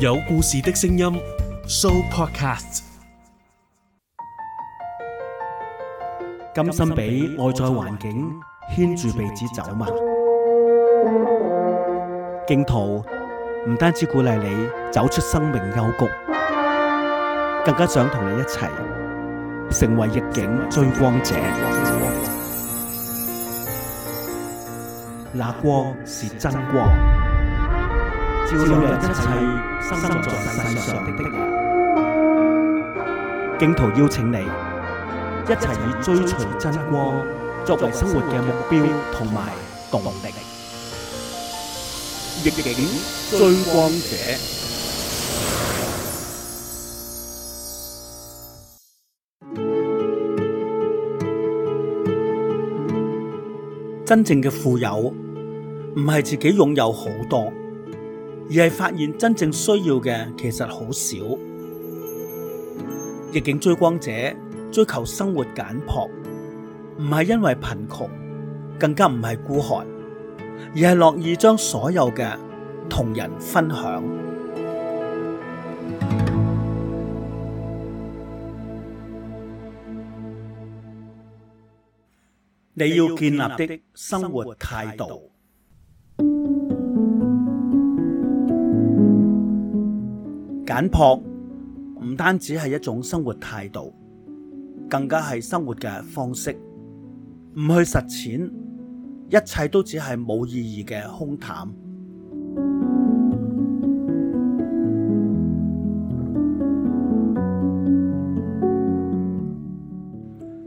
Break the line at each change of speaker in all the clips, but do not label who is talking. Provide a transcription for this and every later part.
有故事的聲音，Sooopodcast。甘心俾外在環境牽住鼻子走嗎？荊徒唔單止鼓勵你走出生命幽谷，更加想同你一齊成為逆境追光者。那光是真光。照亮一切生在世上的的人，荊徒邀請你一齊以追隨真光作為生活嘅目標同埋動力，逆境追光者。真正嘅富有，唔係自己擁有好多。而係發現真正需要嘅，其實好少。逆境追光者追求生活簡樸，唔係因為貧窮，更加唔係孤寒，而係樂意將所有嘅同人分享。你要建立的生活態度。簡樸唔單止係一種生活態度，更加係生活嘅方式。唔去實踐，一切都只係冇意義嘅空談。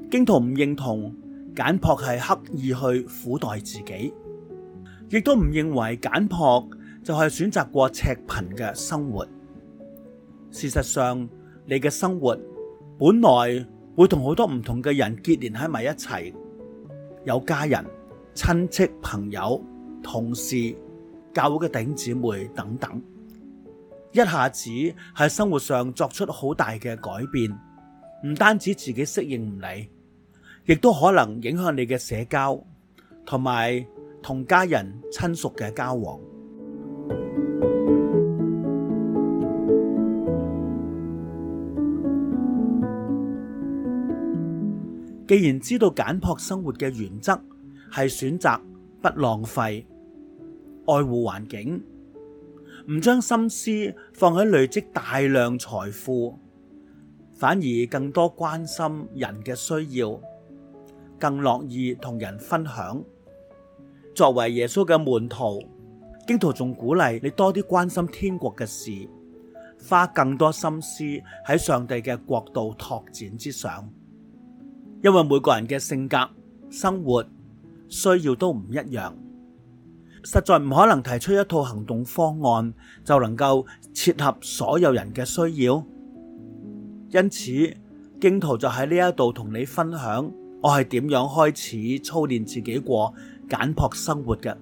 荊徒唔認同簡樸係刻意去苦待自己，亦都唔認為簡樸就係選擇過赤貧嘅生活。事實上，你嘅生活本來會同好多唔同嘅人結連喺埋一齊，有家人、親戚、朋友、同事、教會嘅弟兄姊妹等等。一下子喺生活上作出好大嘅改變，唔單止自己適應唔嚟，亦都可能影響你嘅社交同埋同家人親屬嘅交往。既然知道簡樸生活嘅原則係選擇不浪費、愛護環境，唔將心思放喺累積大量財富，反而更多關心人嘅需要，更樂意同人分享。作為耶穌嘅門徒，荊徒仲鼓勵你多啲關心天國嘅事，花更多心思喺上帝嘅國度拓展之上。因為每個人嘅性格、生活需要都唔一樣，實在唔可能提出一套行動方案就能夠切合所有人嘅需要。因此，荊徒就喺呢一度同你分享，我係點樣開始操練自己過簡樸生活嘅。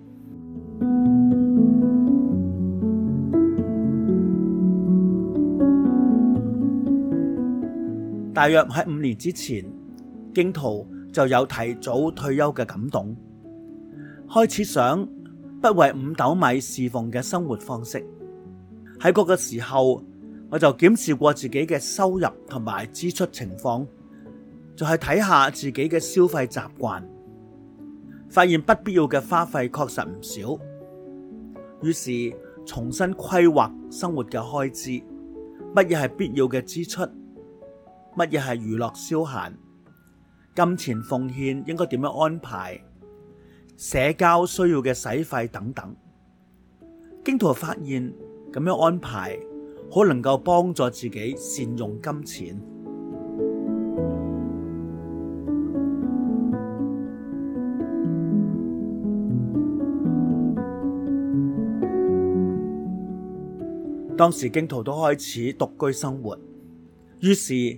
大約喺五年之前。荊徒就有提早退休嘅感動，開始想不為五斗米侍奉嘅生活方式。喺嗰個時候，我就檢視過自己嘅收入同埋支出情況，就係睇下自己嘅消費習慣，發現不必要嘅花費確實唔少。於是重新規劃生活嘅開支，乜嘢係必要嘅支出，乜嘢係娛樂消閒。金錢奉獻應該點樣安排？社交需要嘅使費等等，荊徒發現咁樣安排，好能夠幫助自己善用金錢。當時荊徒都開始獨居生活，於是，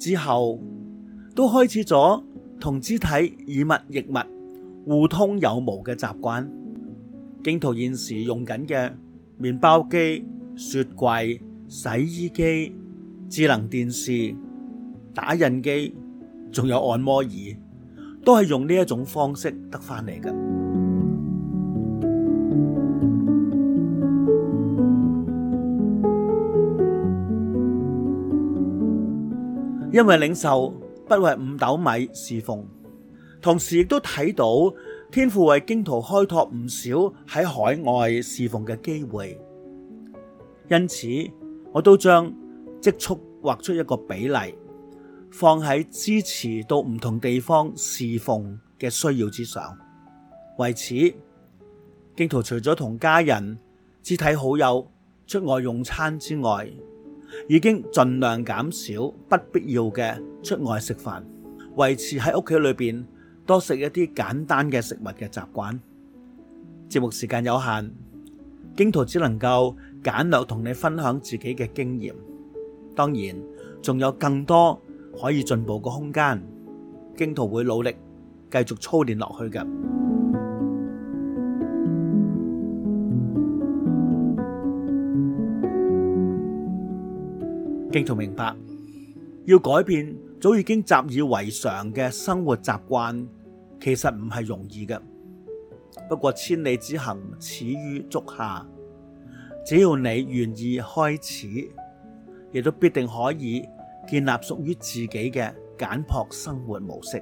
之後都開始咗同肢體以物易物、互通有無嘅習慣。荊徒現時用緊嘅麵包機、雪櫃、洗衣機、智能電視、打印機，仲有按摩椅，都係用呢一種方式得返嚟嘅。因為領袖不為五斗米侍奉，同時亦都睇到天父為荊徒開拓唔少喺海外侍奉嘅機會，因此我都將積蓄劃出一個比例，放喺支持到唔同地方侍奉嘅需要之上。為此，荊徒除咗同家人、肢體好友出外用餐之外，已經盡量減少不必要嘅出外食飯，維持喺屋企裏邊多食一啲簡單嘅食物嘅習慣。節目時間有限，荊徒只能夠簡略同你分享自己嘅經驗。當然，仲有更多可以進步嘅空間，荊徒會努力繼續操練落去嘅。基督徒明白，要改變早已經習以為常嘅生活習慣，其實唔係容易嘅。不過千里之行，始於足下，只要你願意開始，亦都必定可以建立屬於自己嘅簡樸生活模式。